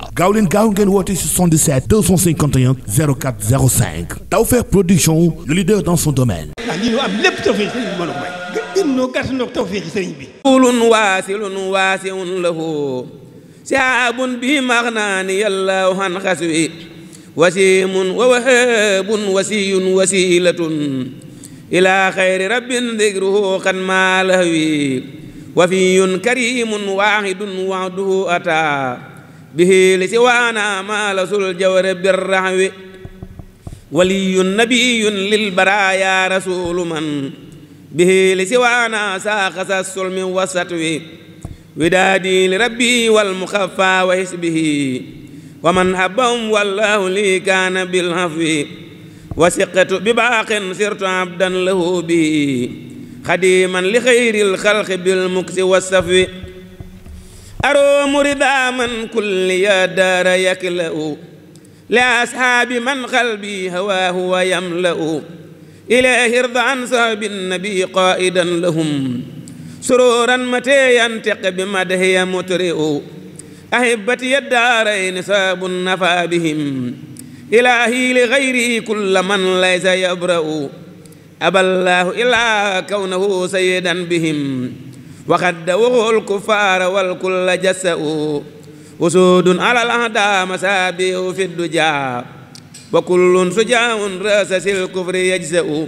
waaw gaaw leen gaaw ngeen woote 77 251 04 05 Tawfekh Production le leader dans son domaine. ah lii bi mën a may. gën noo gàtt noo tawfeex sëriñ bi. kuulun waasilun waasiun lahu bi maxnaani yàlla waxaan xas wi wasiimun wa wahaabun wasiyun ilaa xayri rabbin digruhu xan maa lahwi wafiyun karimun waaxidun waxduhu ataa bihi li si waana maala sul jawre birraxwi waliyun nabiyun lil baraaya rasulu man bihi li si waana saaxasa sulmi wasatwi widaadi li rabbi wal muxafa wa hisbihi wa man habahum wallahu li kaana bil afwi wa siqatu bi baaxin sirtu abdan lahu bihi xadiman li xayril xalqi bil muksi wa safwi أرو مرضا من كل يا دار يكلأ لأصحاب من قلبي هواه ويملأ إليه ارض عن صحب النبي قائدا لهم سرورا متى ينتق بمده يمترئ أحبتي الدارين صاب نفى بهم إلهي لغيري كل من ليس يبرأ أبى الله إلا كونه سيدا بهم وقد دوه الكفار والكل جسأوا وسود على الأهدى مسابيح في الدجى وكل سجاع رأسس الكفر يجزأ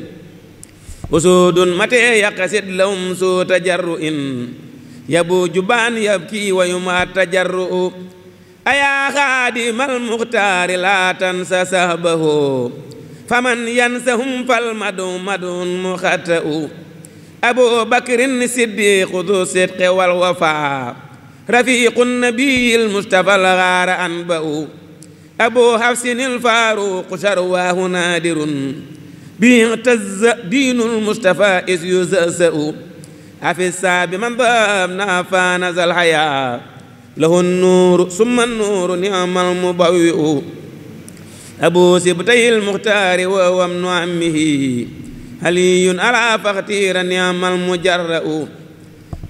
وسود متى يقصد لهم سوء تجرؤ يبوج بان يبكي ويما تجرؤ أيا خادم المختار لا تنسى سهبه فمن ينسهم فالمدو مدو مخطئ abu bakrin siddiqu du sidqi wal wafa rafiqu nabiyil mustafa al gaara anba'u abu hafsin al faruqu sharwaahu naadirun bi tazza diinul mustafa is yuzasa'u afisa bi man baab naa faana zal hayaa lahu nuuru summa nuuru ni'mal mubawwi'u abu sibtayil muxtaari wa huwa ibnu ammihi علي على فختير نعم المجرأ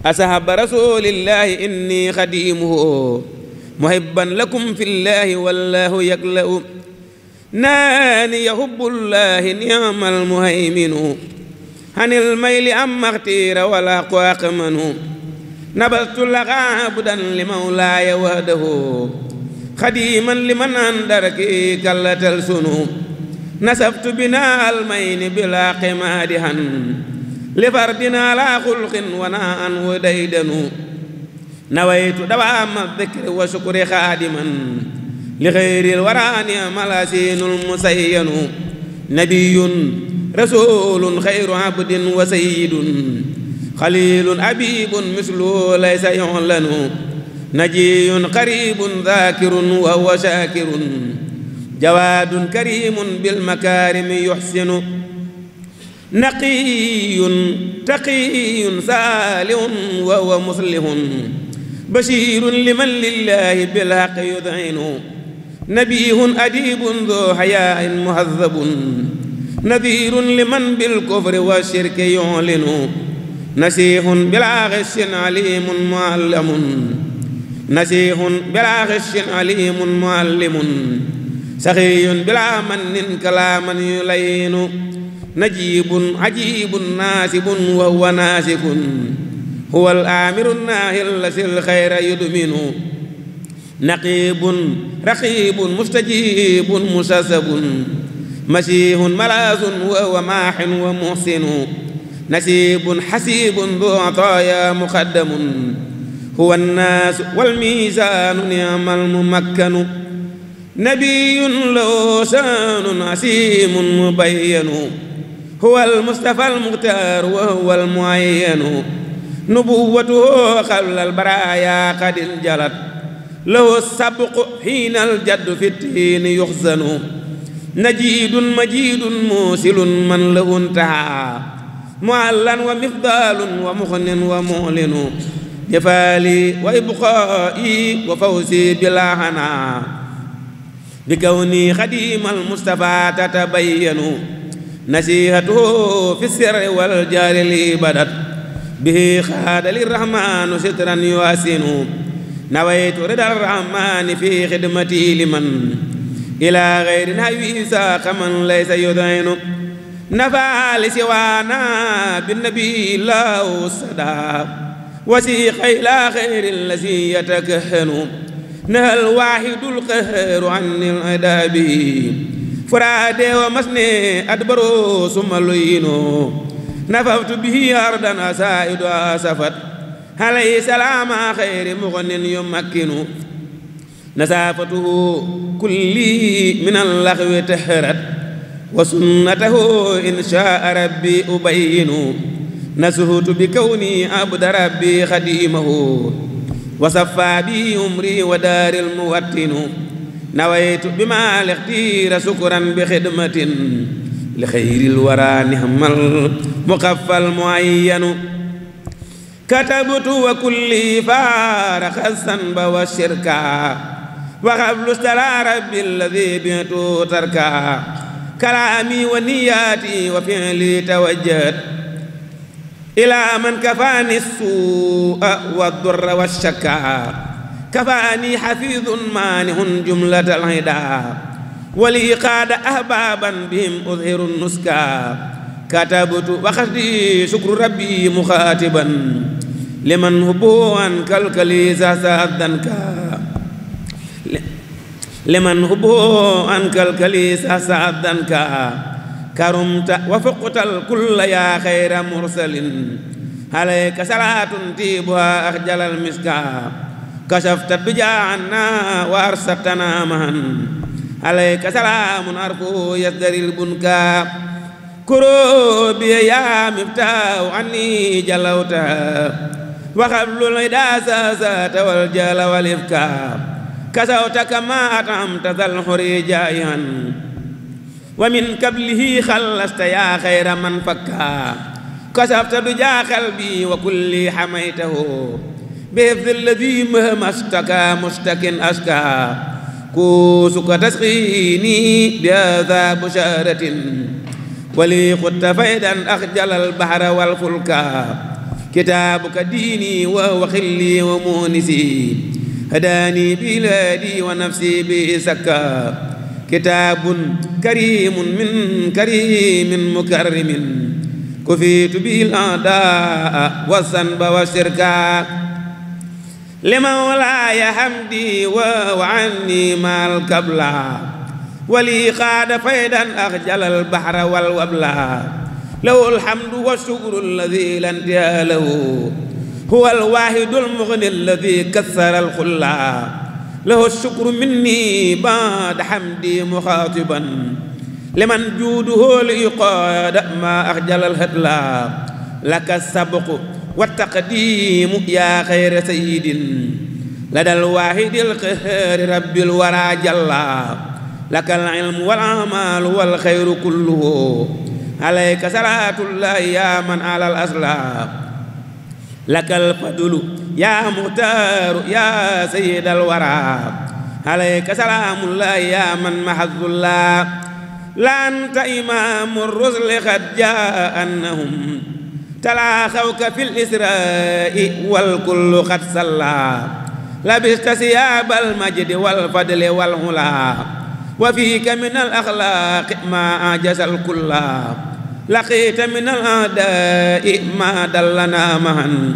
أصحاب رسول الله إني خديمه محبا لكم في الله والله يكلأ ناني يحب الله نعم المهيمن عن الميل أما اختير ولا قواق منه نبذت لك عبدا لمولاي وحده خديما لمن أندرك كلا تلسنه nasaftu bina almayni bila qimaadihan li fardina la xulqin wana an wu daydanu nawaytu dawaama dikri wa shukri xaadiman li xayril waraani malasinul musayyanu nabiyun rasulun xayru abdin wa sayyidun xalilun abibun mislu laysa yu'lanu najiyun qaribun dhakirun wa huwa shakirun jawaadun karimun bil makaarimi yuxsinu naqiyun taqiyun saalihun wa huwa muslihun bashirun liman lillahi bil haqqi yudhinu nabihun adibun dhu hayaain muhazzabun nadirun liman bil kufri wa shirki yu'linu nasihun bila ghishin alimun muallamun nasihun bila ghishin alimun muallimun saxiyun bila man nin kalaaman yu layinu najibun ajibun naasibun wa huwa naasikun huwa al-aamiru naahi allasi l-xayra yudminu naqibun raqibun mustajibun musasabun masihun malaasun wa huwa maahin wa muhsinu nasibun xasibun du ataaya muqaddamun huwa annaasu wal miisaanu ni'mal mumakkanu nabiyun lahu saanun asimun mubayyanu huwa almustafa almuxtaar wa huwa almuayyanu nubuwwatuhu xabla albaraya qad injalat lahu sabqu xiina aljaddu fi ttiini yuxzanu najiidun majiidun muusilun man lahu intahaa muallan wa mifdaalun wa muxnin wa mu'linu jafaali wa ibqaa'i wa fawsi bilaa xanaa bi kawni xadimal Mustafa tatabayyanu nasihatuhu fi sirri wal jaari li badat bihi xaadali rahmaanu sitran yuasinu nawaytu ridal rahmaani fi xidmati liman ilaa xayri nahwi saaqa man laysa yudaynu nafaali siwaana binnabi laaw sada wasiqa ilaa xayri lazi yatakahanu نهى الواحد القهر عن العذاب فرادي ومسني أدبر ثم لين نفوت به أرضا أسائد أسفت عليه سلام خير مغن يمكن نسافته كلي من اللغو تهرت وسنته إن شاء ربي أبين نسهت بكوني عبد ربي خديمه وصفى بي أمري ودار الموطن نويت بما الاختير سكرا بخدمة لخير الورى نعم المقفى المعين كتبت وكلي فارق الذنب والشركا وقبل اشترى ربي الذي بعت تركا كلامي ونياتي وفعلي توجهت ilaa man kafaani suua wa durra wa shakka kafaani xafiidun maanihun jumlata alhida wali qaada ahbaaban bihim udhiru nuska katabtu waxati shukru rabbi muxaatiban liman hubuwan kalkali sasa danka liman hubuwan kalkali sasa danka karumta wa fuqtal kulla yaa xayra mursalin alayka salaatun tiibuha axjalal miska kashafta dujaa anna wa arsaqtana mahan alayka salaamun arfu yasdaril bunka kurubiya yaa miftaahu anni jalawta wa xablul idaasa saata wal jala wal ifka kasawta kama atamta zal xuri jaayihan wa min qablihi xallasta yaa xayra man fakkaa kasafta du jaaxal bi wa kulli xamaytahu bi hifdi alladi mahma staka mustakin aska kuusuka tasxiini bi hada busharatin wali xutta faydan axjala albahra walfulka kitaabuka diini wa waxilli wa muunisi hadaani bilaadi wa nafsi bi sakka kitaabun karimun min karimin mukarrimin kufiitu bil aadaa wa sanba wa shirka li mawlaaya hamdi wa anni maal kabla wali xaada faydan axjalal bahra wal wabla lahul hamdu wa shukru alladi lan tiyaa lahu huwa alwaahidu almugni alladi kassara alxulla له الشكر مني بعد حمدي مخاطبا لمن جوده ليقاد ما أخجل الهدلا لك السبق والتقديم يا خير سيد لدى الواحد القهر رب الورى جلا لك العلم والعمال والخير كله عليك صلاة الله يا من على الأسلام lakal fadlu yaa muxtaaru yaa sayyidal waraa alayka salaamullahi yaa man mahazullah la anta imaamu rusli xad jaa annahum talaaxawka fil israa'i wal kullu xad sallaa labista siyaabal majdi wal fadli wal hulaa wa fiika minal axlaaqi maa ajasal kullaa لقيت من الأعداء ما دلنا معا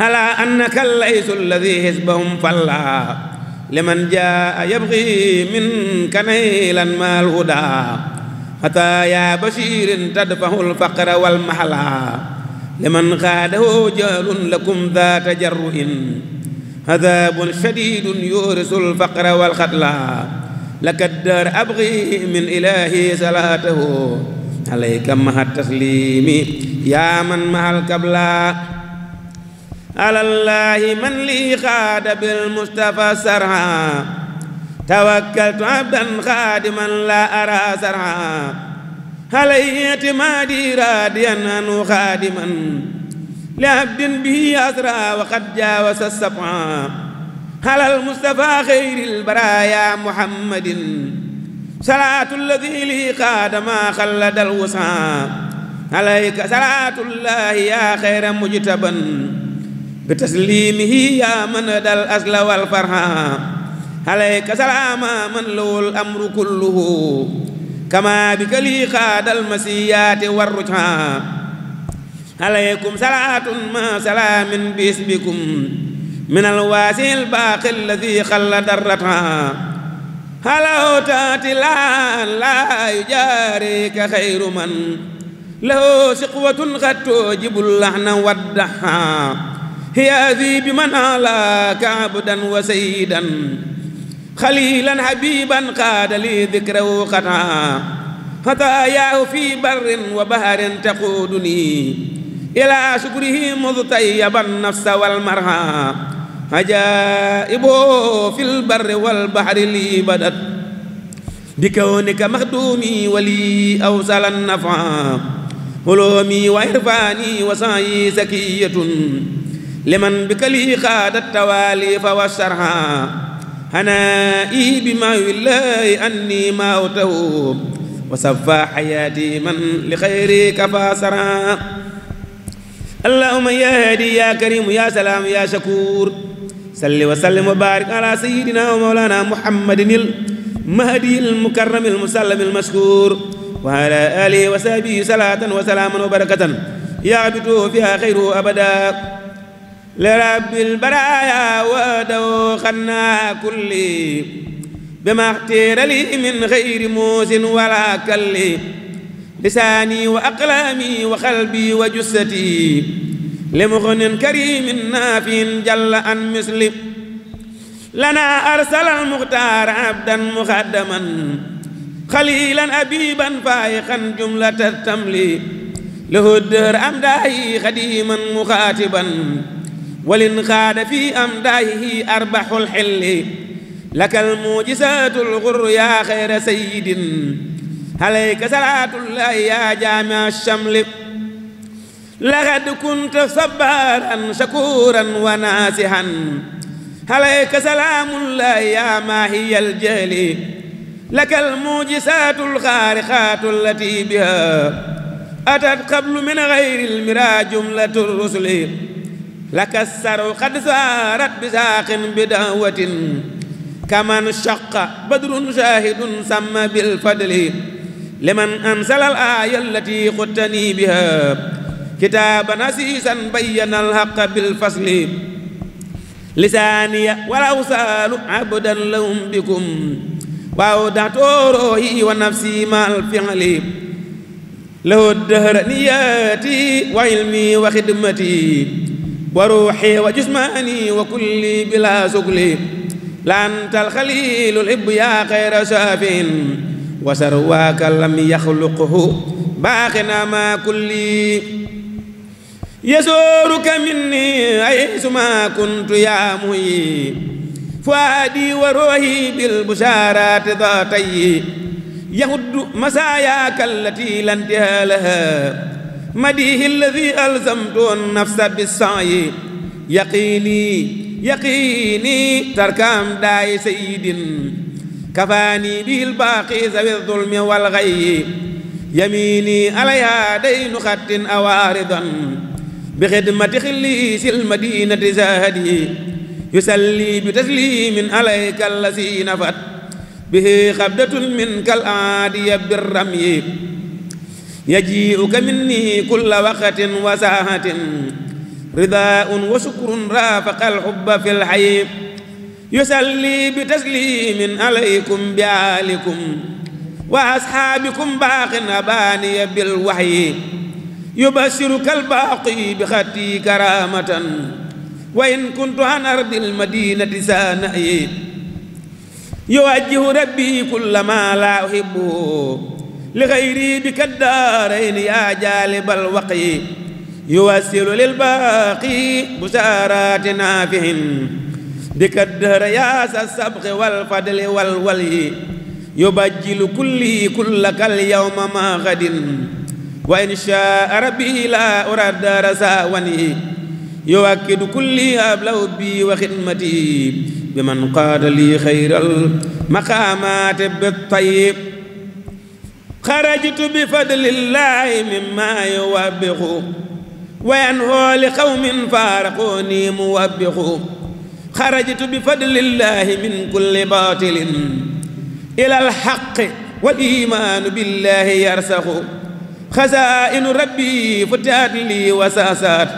على أنك الليث الذي حزبهم فلا لمن جاء يبغي منك نيلا ما الهدى خطايا بشير تدفه الفقر والمحلا لمن خاده جهل لكم ذات جرء عذاب شديد يورث الفقر والخذلا لك الدار أبغي من إلهي صلاته alayka mahal tasliimi yaa man mahal kabla alallahi man lii xaada bil mustafa sarha tawakkaltu abdan xaadiman la ara sarha alayhi i'timaadi raadiyan anu xaadiman li abdin bihi asra wa qad jaawasa sab'a alal mustafa xayril baraaya muhammadin salaatu alladi lii xaadama xalladal wusan alayka salaatullahi yaa xayra mujtaban bi taslimihi yaa man dal asla wal farha alayka salaama man lawul amru kulluhu kama bika lii xaadal masiyaati war rujha alaykum salaatun ma salaamin bi isbikum min alwaasi albaaqi alladi xalla darrata halaw taati laan laa yu jaarika xayru man lahu siqwatun xattoo jibul laxna waddaha hiyaazi bi man alaaka abdan wa sayyidan xaliilan habiiban qaada li dikrahu xataa xataayaahu fi barrin wa baharin taquuduni ilaa sukrihi mudtayyaban nafsa wal marha ajaibo fil barri wal bahri li badat bi kawnika maxdumi wali awsalan nafa hulumi wa irfani wa sayi sakiyatun liman bi kali xaadat tawalifa wa sharha hanai bima willahi anni ma utahu wa safa hayati man li xayri kafa sara allahuma ya hadi ya karim ya salam ya shakur salli wa sallim wa baarik ala sayyidina wa mawlana muhammadin il mahdi il mukarram il musallam il mashkur wa ala alihi wa sahbihi salatan wa salaaman wa barakatan yaabitu fiha xayru abada لرب البرايا ودو خنا كلي بما اختير لي من غير موز ولا كلي لساني وأقلامي وقلبي وجثتي لمغن كريم نافع جل أن مسلم لنا أرسل المختار عبدا مخدما خليلا أبيبا فائقا جملة التملي له الدهر أمداه خديما مخاطبا ولنخاد في أمداه أربح الحل لك الموجزات الغر يا خير سيد عليك صلاة الله يا جامع الشمل لقد كنت صبارا شكورا وناسحا عليك سلام الله يا ماهي الجلي لك المعجزات الخارقات التي بها أتت قبل من غير المرى جملة الرسل لك السر قد سارت بساق بدعوة كمن شق بدر شاهد سمى بالفضل لمن أنزل الآية التي قتني بها kitaaban asiisan bayyana alxaqa bilfasli lisaaniya walaw saalu abdan lahum bikum waaw daa toorooyi wa nafsi ma alfixli lahu dëhra niyaati wa ilmi wa xidmati wa ruuxi wa jismaani wa kulli bila sukli laanta alxaliilu lib yaa xayra saafin wa sarwaaka lam yaxluquhu baaxina ma kulli يسورك مني حيثما كنت يا مهي فؤادي وروحي بالبشارات ذاتي يهد مساياك التي لا انتهى لها مديه الذي ألزمت النفس بالسعي يقيني يقيني تركم داي سيد كفاني به الباقي ذوي الظلم والغي يميني عليها دين خط أوارضا بخدمة خليس المدينة زاهدي يسلي بتسليم عليك الذي نفت به خبدة منك الآدية بالرمي يجيئك مني كل وقت وساعة رداء وشكر رافق الحب في الحي يسلي بتسليم عليكم بعالكم وأصحابكم باق أباني بالوحي yubashiruka albaaqi bi xatti karamatan wa in kuntu an ardil madinati saa nayi yuwajjihu rabbi kulla ma laa uhibbu li xayri bi kaddaarayni yaa jaalibal waqi yuwassilu lil baaqi busaaraati naafihin bi kaddaara yaa sa sabqi wal fadli wal wali yubajjilu kulli kullakal yawma ma xadin wa in shaa rabbi la urad darasa wani yuwakkidu kulli hablaw bi wa xidmati bi man qaada li xayral maqaamaati bi tayyib xarajtu bi fadlillahi mimma yuwabbiqu wa yanhoo li qawmin faaraqooni muwabbiqu xarajtu bi fadlillahi min kulli baatilin ilal xaqqi wal iimaanu billahi yarsaxu xasaa'inu rabbi futihat lii wa saasaat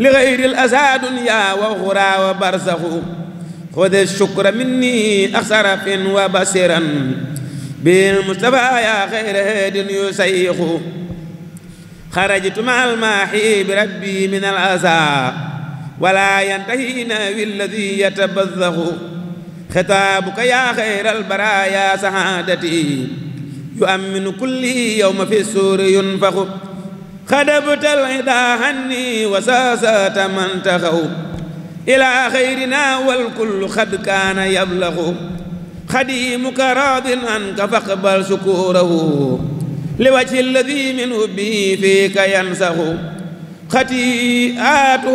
li xayril asaa duniyaa wa uxraa wa barzaxu xode shukra minni axsarafin wa basiran bil mustafaa yaa xayra haadin yu sayixu xarajtu ma almaaxi bi rabbi min al asaa wala yantahi naawi alladi yatabazzaxu xitaabuka yaa xayral baraaya sahaadati يؤمن كل يوم في السور ينفخ خدبت العدا عني وساسات من تخوا إلى خيرنا والكل قد كان يبلغ خديمك راض عنك فاقبل شكوره لوجه الذي منه به فيك ينسخ خطيئاته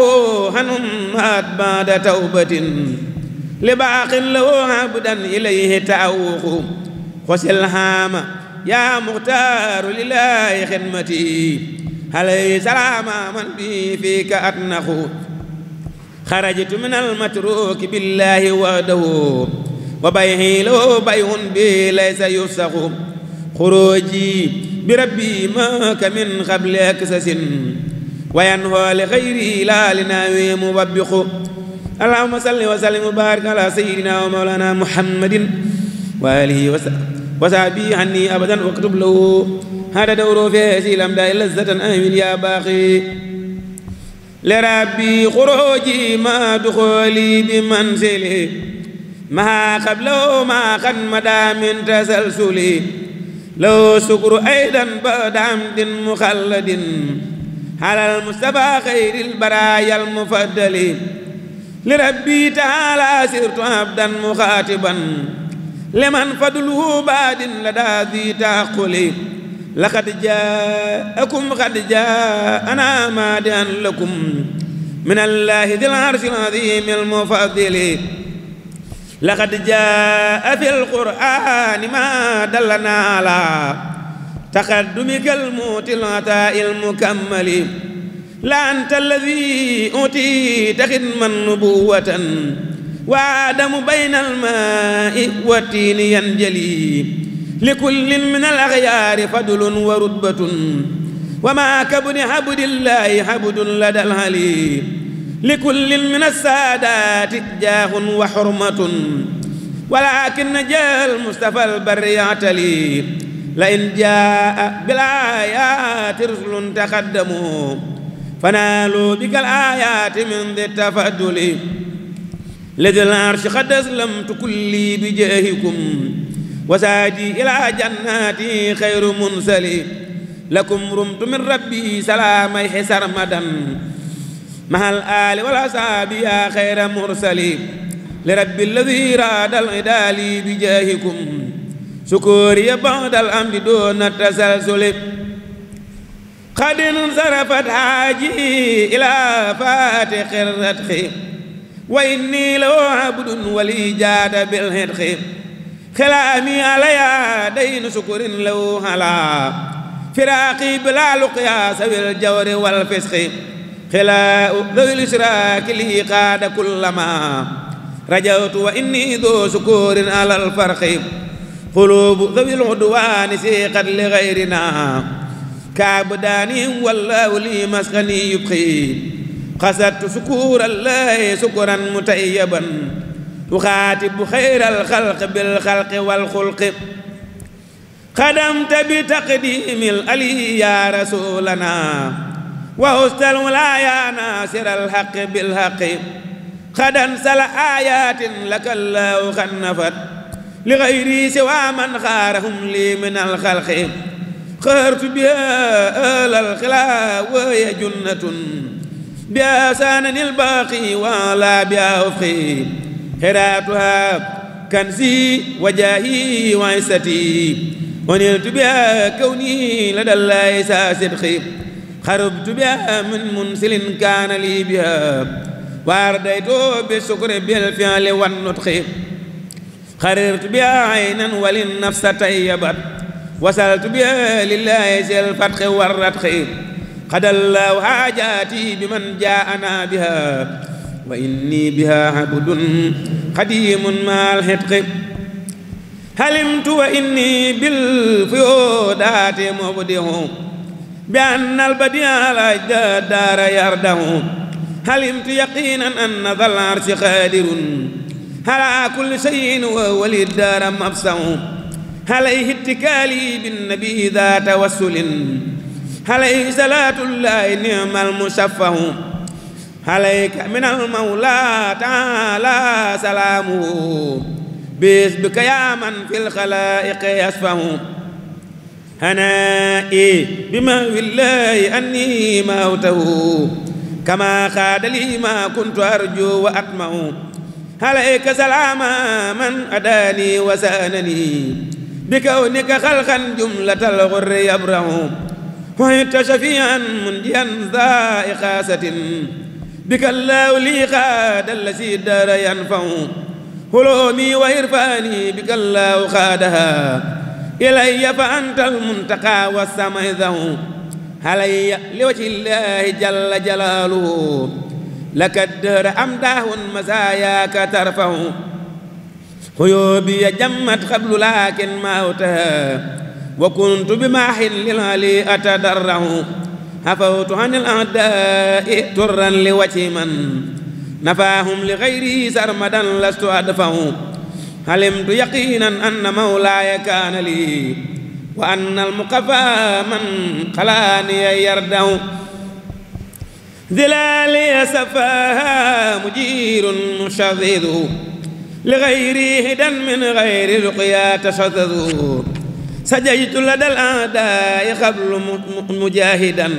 هنمات بعد توبة لباق له عبدا إليه تعوق خش الهام yaa muxtaaru lillaahi xidmati halay salaama man bi fii ka at naxu xarajtu min almatruki billaahi wahdahu wa bayhi law bayhun bi laysa yufsaxu xuruji bi rabbi maaka min xable aksasin wayan xoole xayri laa li naawe mu babbiqu allahuma salli wa sallim wa baarik ala sayidina wa mawlana muhammadin wa alihi wa sallam وسعبي عني أبدا واكتب له هذا دوره في هذه الأمداء لذة آمين يا باقي لربي خروجي ما دخولي بمنزلي ما قبله ما قد مدى من تسلسلي لو شكر أيضا بعد عمد مخلد على المصطفى خير البرايا المفضل لربي تعالى سرت عبدا مخاطبا leman fadluhu baadin la daa di taaquli laqad jaakum qad jaana maadi an lakum min allahi dil arsi alazim almufadili laqad jaa fi alqurani ma dallana ala taqaddumika almuuti lataa almukammali la anta alladi utiita xidman nubuwatan وآدم بين الماء والتين ينجلي لكل من الأغيار فضل ورتبة وما كابن عبد الله عبد لدى الهلي لكل من السادات جاه وحرمة ولكن جاء المصطفى البر يعتلي لئن جاء بالآيات رسل تقدموا فنالوا بك الآيات من ذي التفضل لدى العرش قد أسلمت كلي بجاهكم وساجي إلى جناتي خير منسلي لكم رمت من ربي سلامي حسر مدا مع الآل والأصحاب يا خير مرسلي لرب الذي راد العدال بجاهكم شكوري بعد الأمر دون التسلسل قد انصرفت حاجي إلى فاتح الرتخ wa inni la abdun wali jaada bil xidqi xilaami alaya dayn sukurin law hala firaaqi bila luqya sawil jawri wal fisqi xilaa dawil israaki li qaada kullama rajawtu wa inni doo sukurin alal farqi qulubu dawil udwaani siqat li gayrina kaabu daanihim wallahu li maskani yubqi xasat sukuura llahi sukuran mutayyaban uxaatibu xayral xalqi bil xalqi wal xulqi xadamta bi taqdimil ali ya rasulana wa ustal wulaaya naasiral xaqi bil xaqi xadan sala ayatin lakallaahu xannafat li xayri siwa man xaarahum lii min alxalqi xaartu biha alal xilaa waya junnatun بها سانن الباقي وعلى بها أفخي خيراتها كنزي وجاهي وعزتي ونلت بها كوني لدى الله صدقي خربت بها من منسل كان لي بها وارديت بالشكر بالفعل والنطق خررت بها عينا وللنفس تيبت وصلت بها لله ذي الفتح والردق xadallaahu haajaati bi man jaana biha wa inni biha abdun xadimun maal xitqi halimtu wa inni bil fuyoodaati mubdihu bi anna albadia al ajdaad daara yardahu halimtu yaqinan anna zal arsi qaadirun ala kulli shay'in wa wali daara mabsahu alayhi ittikaali bin nabi daa tawassulin عليه صلاة الله نعم المشفع عليك من المولى تعالى سلامه باسمك يا من في الخلائق يشفع هنائي بما في الله أني موته كما خاد لي ما كنت أرجو وأطمع عليك سلام من أداني وسأنني بكونك خلقا جملة الغر يبرع وعدت شفيعا منجيا ذا إخاسة بك الله لي خاد الذي دار ينفع هلومي وإرفاني بك الله خادها إلي فأنت المنتقى والسمع ذو علي لوجه الله جل جلاله لك الدهر أمداه مزاياك ترفع خيوبي جمت قبل لكن موتها wa kuntu bi maaxin lil ali atadarrahu hafawtu anil a'daai turran li waci man nafaahum li xayri sarmadan lastu adfahu halimtu yaqinan anna mawlaaya kaana lii wa anna almuqafa man xalaaniya yardahu zilaaliya safaha mujirun mushadidu li xayri hidan min xayri luqiya tashadadu سجيت لدى الأعداء قبل مجاهدا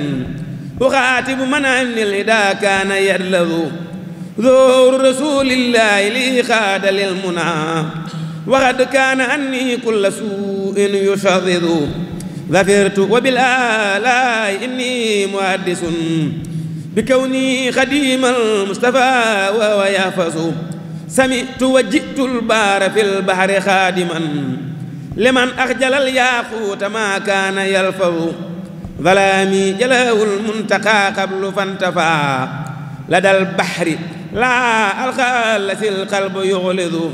أخاتب من أن الهدى كان يرلظ ذور رسول الله لي خاد للمنى وقد كان أني كل سوء يشظظ ظفرت وبالآلاء إني مؤدس بكوني خديم المصطفى وهو يحفظ سمعت وجئت البار في البحر خادما liman axjalal yaaquuta maa kaana yalfawu zalaami jalawul muntaqa qablu fantafaa la dal baxri laa alxallasil qalba yuxlidu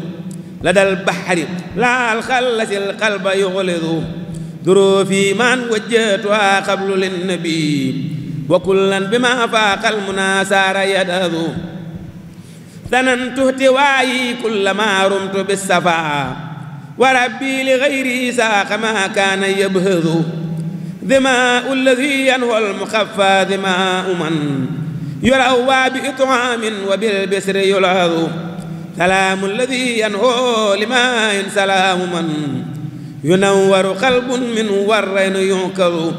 la dal baxri laa alxallasil qalba yuxlidu duruufi maan wajjatuha qablu linnabi wa kullan bima faaqal munasaara yadadu danan tuhti waayi kullama rumtu bisafa wa rabbi li gayri saaqa ma kaana yabhadu dimaau alladi yanhu almuxafa dimaau man yuraw waa bi itaamin wa bil bisri yulaadu salaamu alladi yanhu limain salaamu man yunawwaru qalbun minhu warraynu yunkadu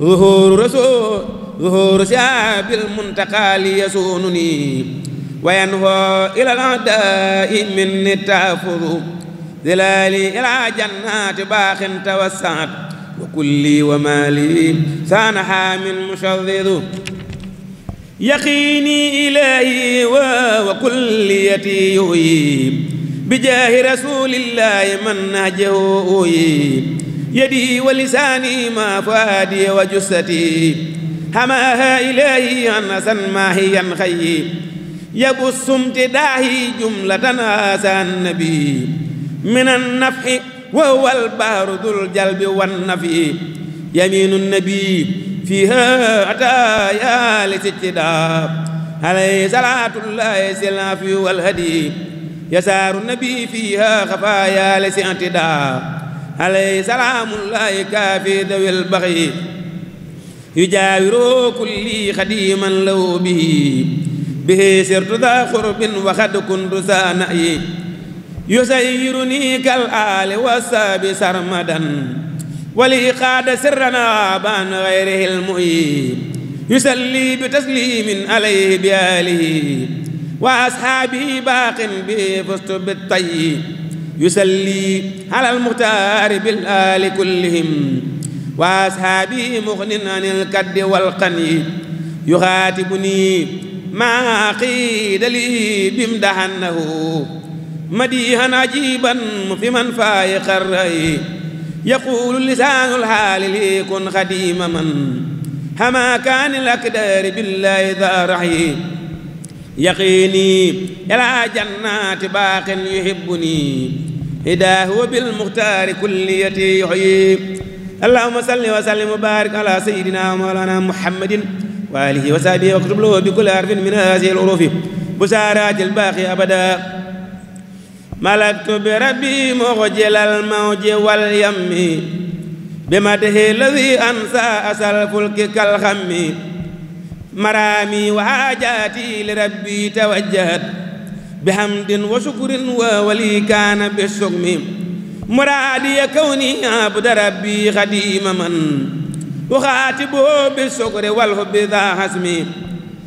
zuhuru rasul zuhuru shaabil muntaqa li yasununi wa yanhu ila al a'daa'i minni taafudu dilali ila jannati baaxin tawassaat wa kulli wa maali saana haamin mushaddidu yaqiini ilaahi wa kulliyati yuyi bijaahi rasulillahi man nahjahu uyi yadi wa lisaani ma fuaadi wa jussati hamaaha ilaahi anasan maahiyan xayyi yabussu imtidaahi jumlatan asan nabi من النفع وهو البار ذو الجلب والنفع يمين النبي فيها أتايا لتجداب عليه صلاة الله سلافي والهدي يسار النبي فيها خفايا لسانتداب عليه سلام الله كافي ذوي البغي يجاور كل خديما له به به سرت ذا خرب وخد كنت ذا نأي يسيرني كالآل والساب سرمدا ولإقاد سرنا بان غيره المؤيب يسلي بتسليم عليه بآله وأصحابه باق به فزت بالطيب يسلي على المختار بالآل كلهم وأصحابه مغن عن الكد والقني يخاتبني ما قيد لي بمدحنه مديها عجيبا في من فايق الرأي يقول لسان الحال لي كن خديم من هما كان الأكدار بالله ذا رحي يقيني إلى جنات باق يحبني هداه وبالمختار كليتي يحيي اللهم صل وسلم وبارك على سيدنا ومولانا محمد وآله وصحبه واكتب له بكل حرف من هذه الحروف بسارات الباقي أبدا ملكت بربي مغجل الموج واليم بمده الذي أنسى أسى الفلك كالخم مرامي وحاجاتي لربي توجهت بحمد وشكر وولي كان بالشكم مرادي كوني عبد ربي خديم من وخاتبه بالشكر والحب ذا حسمي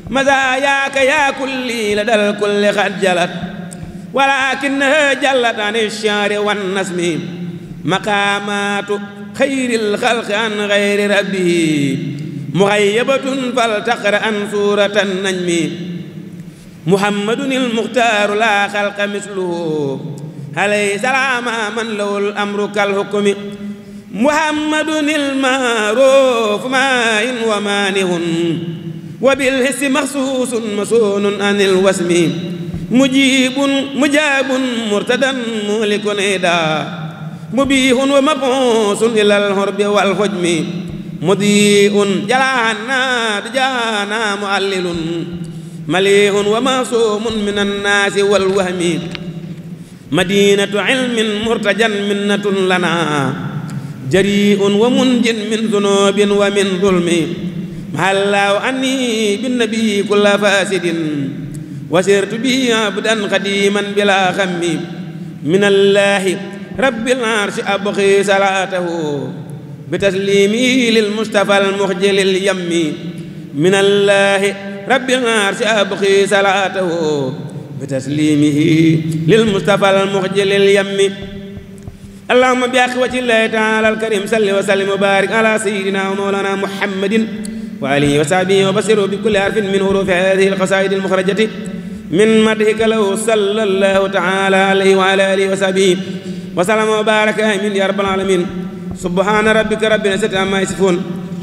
مزاياك يا كلي لدى الكل خجلت walakinaha jallat an ishari wan nasmi maqamatu xayril xalqi an xayri rabbihi muxayyabatun faltaqra an suratan najmi muhammadun il muxtaaru laa xalqa misluhu alay salaama man lawul amru kal hukmi muhammadun il maaruf maayin wa maanihun wa bil hissi maxsuusun masuunun anil wasmi مجيب مجاب مرتدا مهلك إدا مبيح ومبعوث إلى الهرب والهجم مضيء جلانا دجانا معلل مليح ومعصوم من الناس والوهم مدينة علم مرتجا منة لنا جريء ومنج من ذنوب ومن ظلم محلا أني بالنبي كل فاسد wasirtu bihi abdan qadiman bila xammi min allahi rabbil arshi abqi salaatahu bi taslimi lil mustafa al muxjilil yammi min allahi rabbil arshi abqi salaatahu bi taslimihi lil mustafa al muxjilil yammi allahumma bi aqi wajhi llahi taala al karim salli wa sallim wa barik ala sayyidina wa mawlana muhammadin wa alihi wa sahbihi wa basiru bi kulli harfin min hurufi hadihi al qasaidi al muxrajati من مدحك له صلى الله تعالى عليه وعلى آله وصحبه وسلم وبارك آمين يا رب العالمين سبحان ربك رب العزة عما يصفون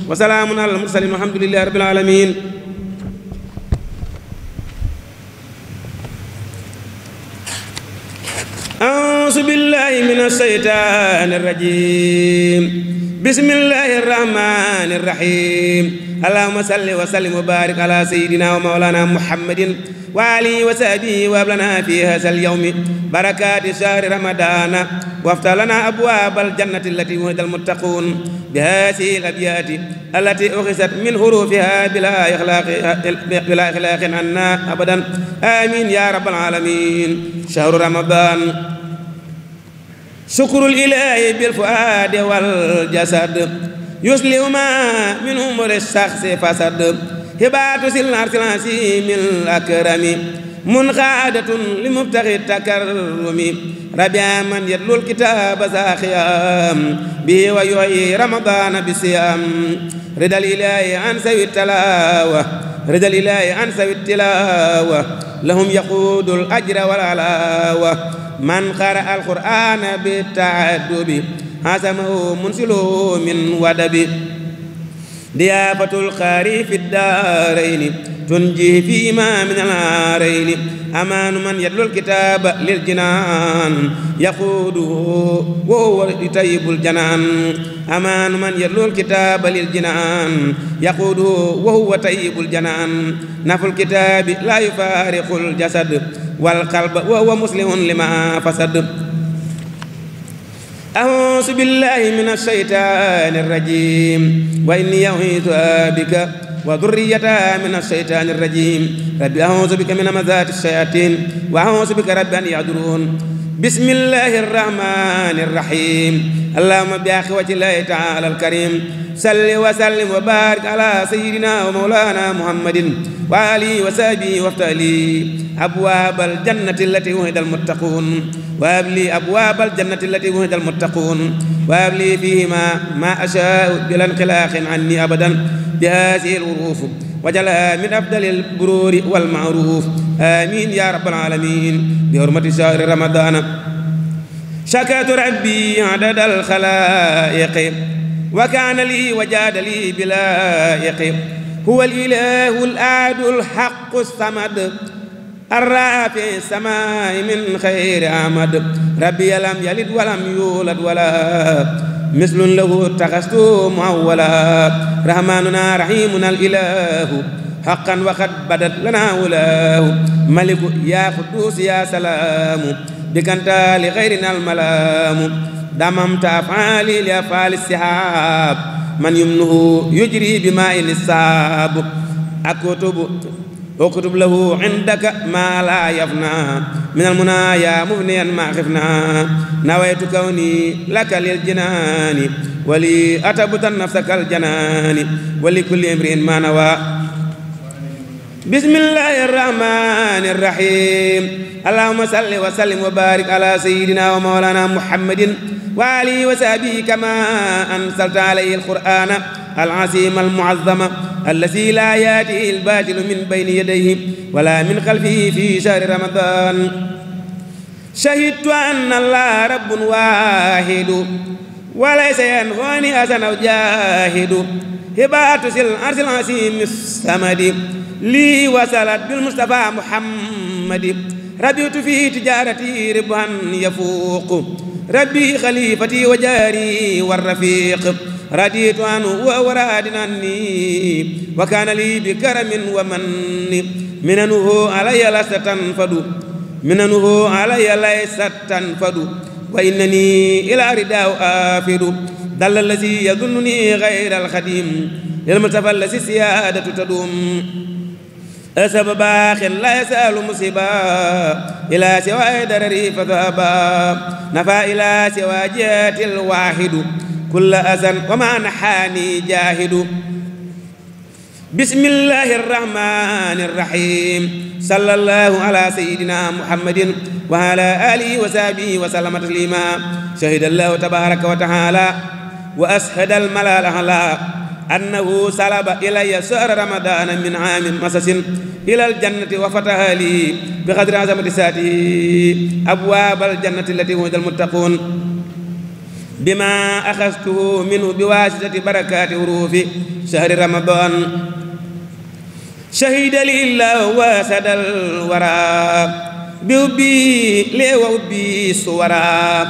وسلام على المرسلين والحمد لله رب العالمين أعوذ بالله من الشيطان الرجيم بسم الله الرحمن الرحيم اللهم صل وسلم وبارك على سيدنا ومولانا محمد وآله وصحبه وهب لنا في هذا اليوم بركات شهر رمضان وافتح لنا أبواب الجنة التي وعد المتقون بهذه الأبيات التي أخذت من حروفها بلا إخلاق بلا إخلاق عنا أبدا آمين يا رب العالمين شهر رمضان شكر الإله بالفؤاد والجسد يسلم ما من عمر الشخص فسد هبات سلار سلاسي من الأكرم منقادة لمبتغي التكرم ربيع من يتلو الكتاب زاخيام به ويحيي رمضان بصيام رضا الإله عن سوي التلاوة رضا الإله عن سوي التلاوة لهم يقود الأجر والعلاوة من قرأ القرآن بالتعدب asamahu munsilu min wadabi diyaafatul xaari fi daarayni tunji fi ma min alaarayni amaanu man yatlul kitaaba lil jinaan yaxuuduhu wa huwa tayyibul janaan amaanu man yatlul kitaaba lil jinaan yaxuuduhu wa huwa tayyibul janaan naful kitaabi laa yufaariqul jasad wal qalba wa huwa muslimun lima fasad أعوذ بالله من الشيطان الرجيم وإني أعيذها بك وذريتها من الشيطان الرجيم رب أعوذ بك من همزات الشياطين وأعوذ بك رب أن يحضرون بسم الله الرحمن الرحيم اللهم بأخوة الله تعالى الكريم صل وسلم وبارك على سيدنا ومولانا محمد وآله وصحبه وافتح لي أبواب الجنة التي وعد المتقون waab lii abwaabal jannati lati wuxidal muttaquun waab lii fiihima maa ashaa'u bila inxilaaqin anni abadan bi haasihi lwuruuf wajalha min afdali lburuuri walmaaruuf amiin yaa rabbal aalamiin bi hurmati shahri ramadaana shakatu rabbi adadal xalaa'iqi wa kaana lii wa jaada lii bilaa'iqi huwa al ilaahu al aadu al xaqu samad الراء في السماء من خير أحمد ربي لم يلد ولم يولد ولا مثل له اتخذت مؤولا رحمننا رحيمنا الإله حقا وقد بدت لنا ولاه ملك يا قدوس يا سلام بك أنت لغيرنا الملام دممت أفعالي لأفعال السحاب من يمنه يجري بماء السحاب أكتب اكتب له عندك ما لا يفنى من المنى يا مفنيا ما خفنا نويت كوني لك للجنان ولي أتبت نفسك الجنان ولكل امرئ ما نوى بسم الله الرحمن الرحيم اللهم صل وسلم وبارك على سيدنا ومولانا محمد وآله وصحبه كما أنزلت عليه القرآن العظيم المعظم الذي لا ياتيه الباطل من بين يديه ولا من خلفه في شهر رمضان شهدت أن الله رب واحد وليس ينفعني أسن أو جاهد هبات الأرض العظيم السمد لي وصلت بالمصطفى محمد ربيت في تجارتي ربحا يفوق ربي خليفتي وجاري والرفيق رضيت عنه ووراد عني وكان لي بكرم ومن مننه علي ليس تنفد مننه علي ليس تنفد وإنني إلى رداء آفد دل الذي يظنني غير الخديم للملتفى الذي سيادة تدوم أسب باخ لا يسأل مصيبا إلى سوى درري فذهبا نفى إلى سوى جهة الواحد كل أذى وما نحاني جاهد بسم الله الرحمن الرحيم صلى الله على سيدنا محمد وعلى آله وصحبه وسلم تسليما شهد الله تبارك وتعالى وأشهد الملال أعلى أنه سلب إلي شهر رمضان من عام مسس إلى الجنة وفتح لي بقدر عظمة ساته أبواب الجنة التي وجد المتقون بما أخذته منه بواسطة بركات حروف شهر رمضان شهد لي الله واسد الورى بوبي لي وبي صورا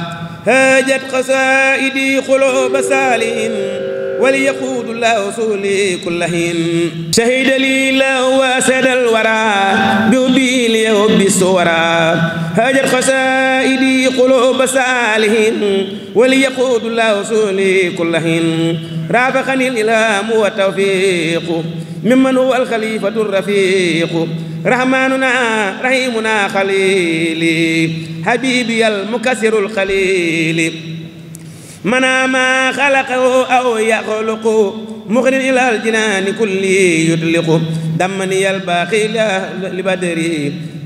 هاجت قصائدي قلوب سالم وليقود الله رسولي كلهن شهد لي الله واسد الورى بوبي لي وبي صورا هاجت قصائدي زائدي قلوب سالهين وليقود الله سولي كلهن رافقني الإلهام والتوفيق ممن هو الخليفة الرفيق رحماننا رحيمنا خليلي حبيبي المكسر الخليل منا ما خلقه أو يخلقه muxrin ilal jinaani kulli yutliqu damani yal baaxi li badri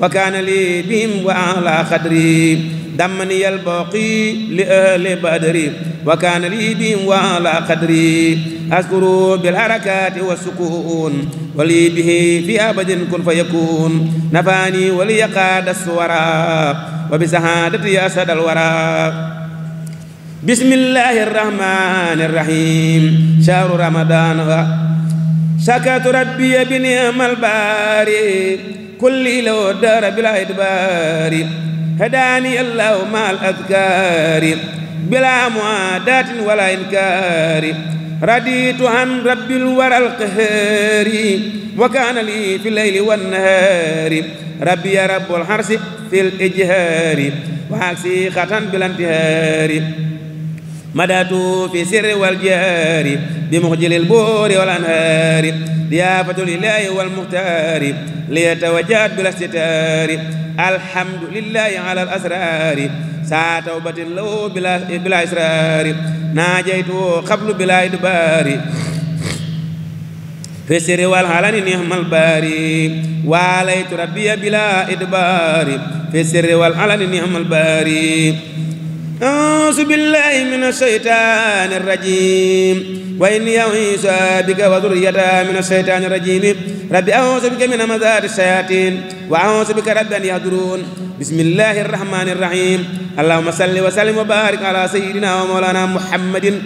wa kaana li bihim wa ala xadri damani yal baaxi li ahli badri wa kaana li bihim wa ala xadri askuru bil harakati wa sukun wa li bihi fi abadin kun fa yakun nafaani wa li yaqaada suwara wa bi sahaadati asadal wara bismillahi irrahmani irrahim shahru ramadan sakatu rabbiya bi ni'mal baari kulli law dara bila idbaari hadaani allahu ma al adkaari bila muadatin wala inkaari raditu an rabbil waral qahari wa kana li fi leyli wan nahaari rabbi ya rabbul harsi fil ijhaari wa aksi xatan bila intihaari مددت في سر والجار بمخجل البور والأنهار ضيافة لله والمختار ليتوجد بلا استتار الحمد لله على الأسرار ساعة توبة له بلا, بلا إسرار ناجيت قبل بلا إدبار في السر والعلن نعم الباري واليت ربي بلا إدبار في السر والعلن نعم الباري أعوذ بالله من الشيطان الرجيم وإني أعيذ بك وذريتها من الشيطان الرجيم ربي أعوذ بك من مزار الشياطين وأعوذ بك رب أن يهدرون بسم الله الرحمن الرحيم اللهم صل وسلم وبارك على سيدنا ومولانا محمد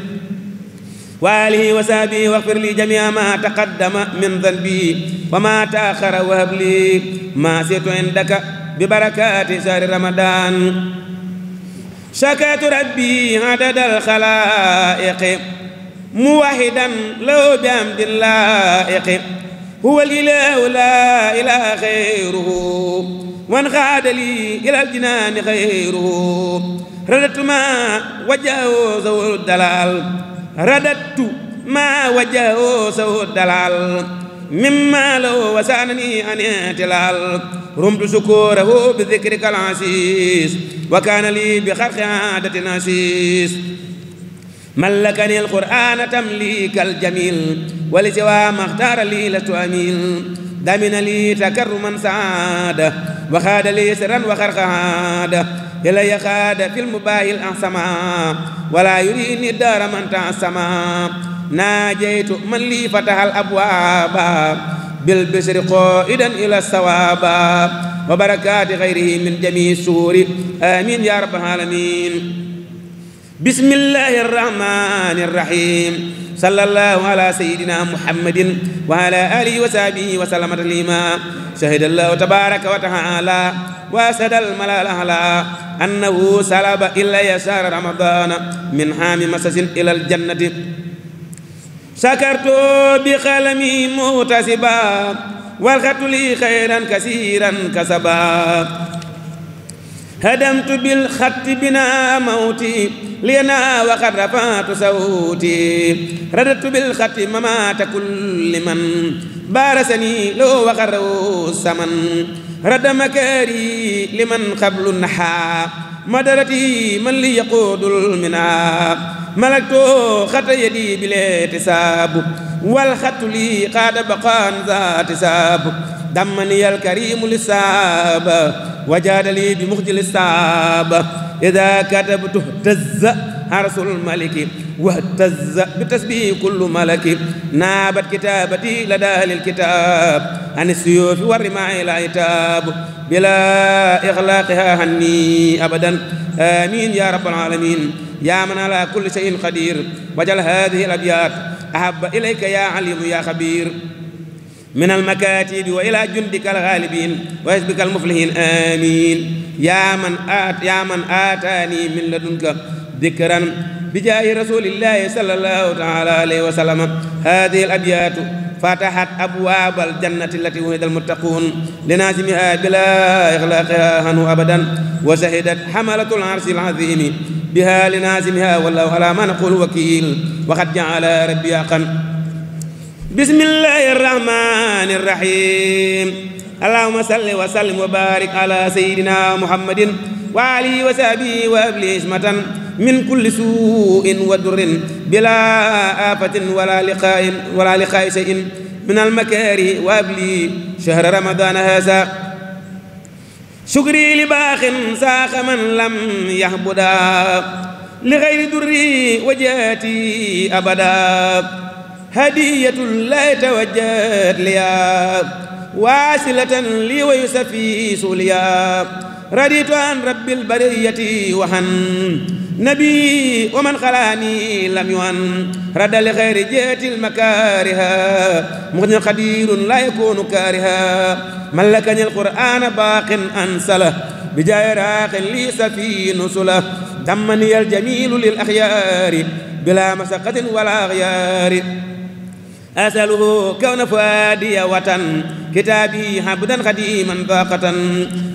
وآله وصحبه واغفر لي جميع ما تقدم من ذنبي وما تأخر وهب لي ما سيت عندك ببركات شهر رمضان شكرت ربي عدد الخلائق موحدا له بحمد اللائق هو الإله لا إله غيره وانخاد لي إلى الجنان غيره رددت ما وجهه سوء الدلال رددت ما وجهه سوء الدلال مما لو وسانني أن اعتلال رمت سكوره بذكرك العسيس وكان لي بخرق عادة نسيس ملكني القرآن تمليك الجميل ولسوى ما اختار لي لست أميل دمن لي تكرما سعادة وخاد لي سرا وخرق عادة إلي خاد في المباهي الأحسما ولا يريني الدار من تعسما naajeytu man lii fataxal abwaaba bil bisri qaidan ila sawaaba wa barakaati xayrihi min jami suuri amin ya rabbal alamin bismillahi arrahmani arrahim sallallahu ala sayidina muhammadin wa ala alihi wa sahbihi wa sallama taslima shahida allahu tabaraka wa taala واسد الملال أعلى أنه سلب إلا يسار رمضان من حام مسس إلى الجنة sakartu bi xalami muhtasiba walxatu li xayran kasiran kasaba hadamtu bil xatti bina mawti liyana waxat rafatu sawti radatu bil xatti mamata kulli man baarasani loo waxat raw saman rada makari liman qablu naha مدرتي من لي يقود المناق ملكت خط يدي بلا تساب والخط لي قاد بقان ذات ساب دمني الكريم للساب وجاد لي بمخجل الساب إذا كتبت اهتز حرس الملك واهتز بتسبيه كل ملك نابت كتابتي لدى للكتاب عن السيوف والرماع العتاب بلا إغلاقها هني أبدا آمين يا رب العالمين يا من على كل شيء قدير وجل هذه الأبيات أحب إليك يا عليم يا خبير من المكاتب وإلى جندك الغالبين وحزبك المفلحين آمين يا من آت يا من آتاني من لدنك ذكرا بجاه رسول الله صلى الله تعالى عليه وسلم هذه الأبيات فتحت أبواب الجنة التي وعد المتقون لنازمها بلا إغلاقها عنه أبدا وشهدت حملة العرش العظيم بها لنازمها والله على ما نقول وكيل وقد جعل ربي حقا بسم الله الرحمن الرحيم اللهم صل وسلم وبارك على سيدنا محمد وعلي وصحبه وابلي اسمه min kulli suu'in wa durrin bilaa aafatin wala liqaa'in wala liqaa'i shay'in min almakaari wa abli shahra ramadaana haazaa shukri li baaxin saaxa man lam yahbudaa li xayri durri wajaati abadaa hadiyatul lay tawajjat liya wasilatan lii wa yusafi suliya raditu an rabbil bariyati waxan nabi wa man xalaani lam yuhan radali xayri jeetil makaariha muxnin xadirun la yakunu kaariha man lakani alqur'ana baaqin an sala bi jaay raaqin li safinu sula dammani aljamilu lil axyaari bila masaqatin wala axyaari أسأله كون فؤادي وطن كتابي عبدا خديما ضاقة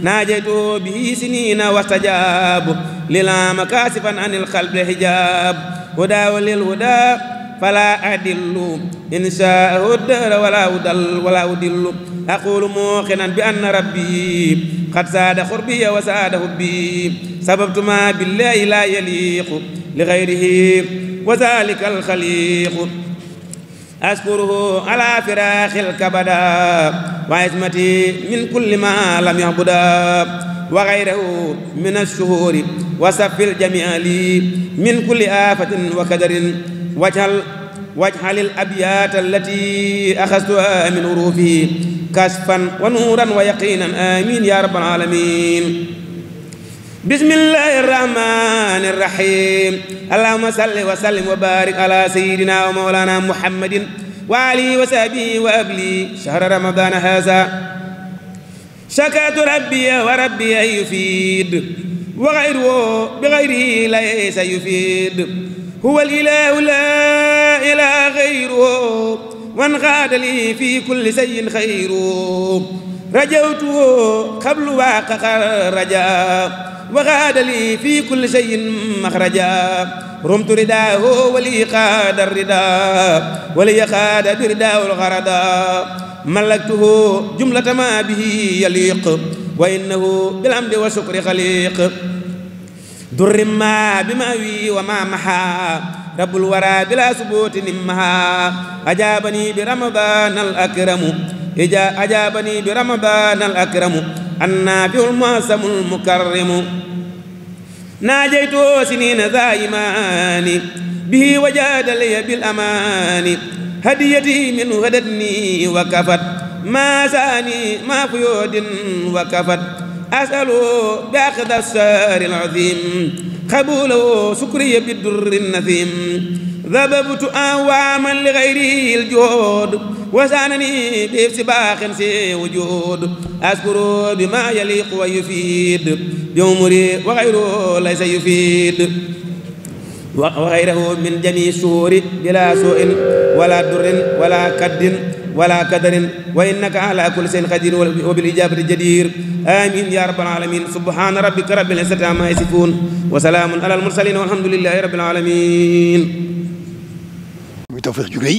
ناجيت به سنين واستجاب للا مكاسفا عن القلب حجاب هدى وللهدى فلا أدل إن شاء الدهر ولا أدل ولا أدل أقول موقنا بأن ربي قد ساد خربي وساد حبي سببت ما بالله لا يليق لغيره وذلك الخليق أشكره على فراخ الكبدا وعزمتي من كل ما لم يعبدا وغيره من الشهور وسف الجميع لي من كل آفة وكدر واجعل واجعل الأبيات التي أخذتها من حروفه كشفا ونورا ويقينا آمين يا رب العالمين bismillahi rahmani rahim allahuma salli wa sallim wa barik ala sayidina wa mawlana muhammadin wa alihi wa sahbihi wa abli shahra ramadana haza شكات ربي وربي أن يفيد وغيره بغيره ليس يفيد هو الإله لا إله غيره وانغاد لي في كل شيء خيره rajawtu xablu waa xaqar raja waxaada lii fi kulli shay'in maxraja rumtu ridaahu wali xaada rida wali xaada bi ridaawul xarada malaktuhu jumlata ma bihi yaliq wa innahu bil hamdi wa shukri xaliq durrim ma bi ma wi wa ma maha rabbul wara bila subuti nimmaha ajaabani bi ramadaan al akramu ija ajaabani bi ramadaan al akramu annaafiu l muasamu l mukarrimu naajaytoo siniina za imaani bihi wajaadalaya bil amaani hadiyati min wadatni wa kafat maa saani maa fuyoodin wa kafat asalu bi axda saari al azim xabulawo sukriya bi durri nasim ذببت أواما لغيره الجود وزانني بارتباخ في وجود أذكر بما يليق ويفيد بأمري وغيره ليس يفيد وغيره من جميع الشهور بلا سوء ولا در ولا كد ولا كدر وإنك على كل شيء قدير وبالإجابة جدير آمين يا رب العالمين سبحان ربك رب العزة عما يصفون وسلام على المرسلين والحمد لله رب العالمين Tawfekh ju rëy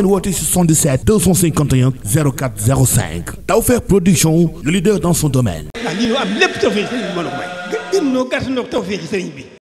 ngeen woote si 77 251 04 Production le leader dans son domaine. Ah, am lépp tawfeex sëriñ bi mën a may. gën noo gàtt noo tawfeex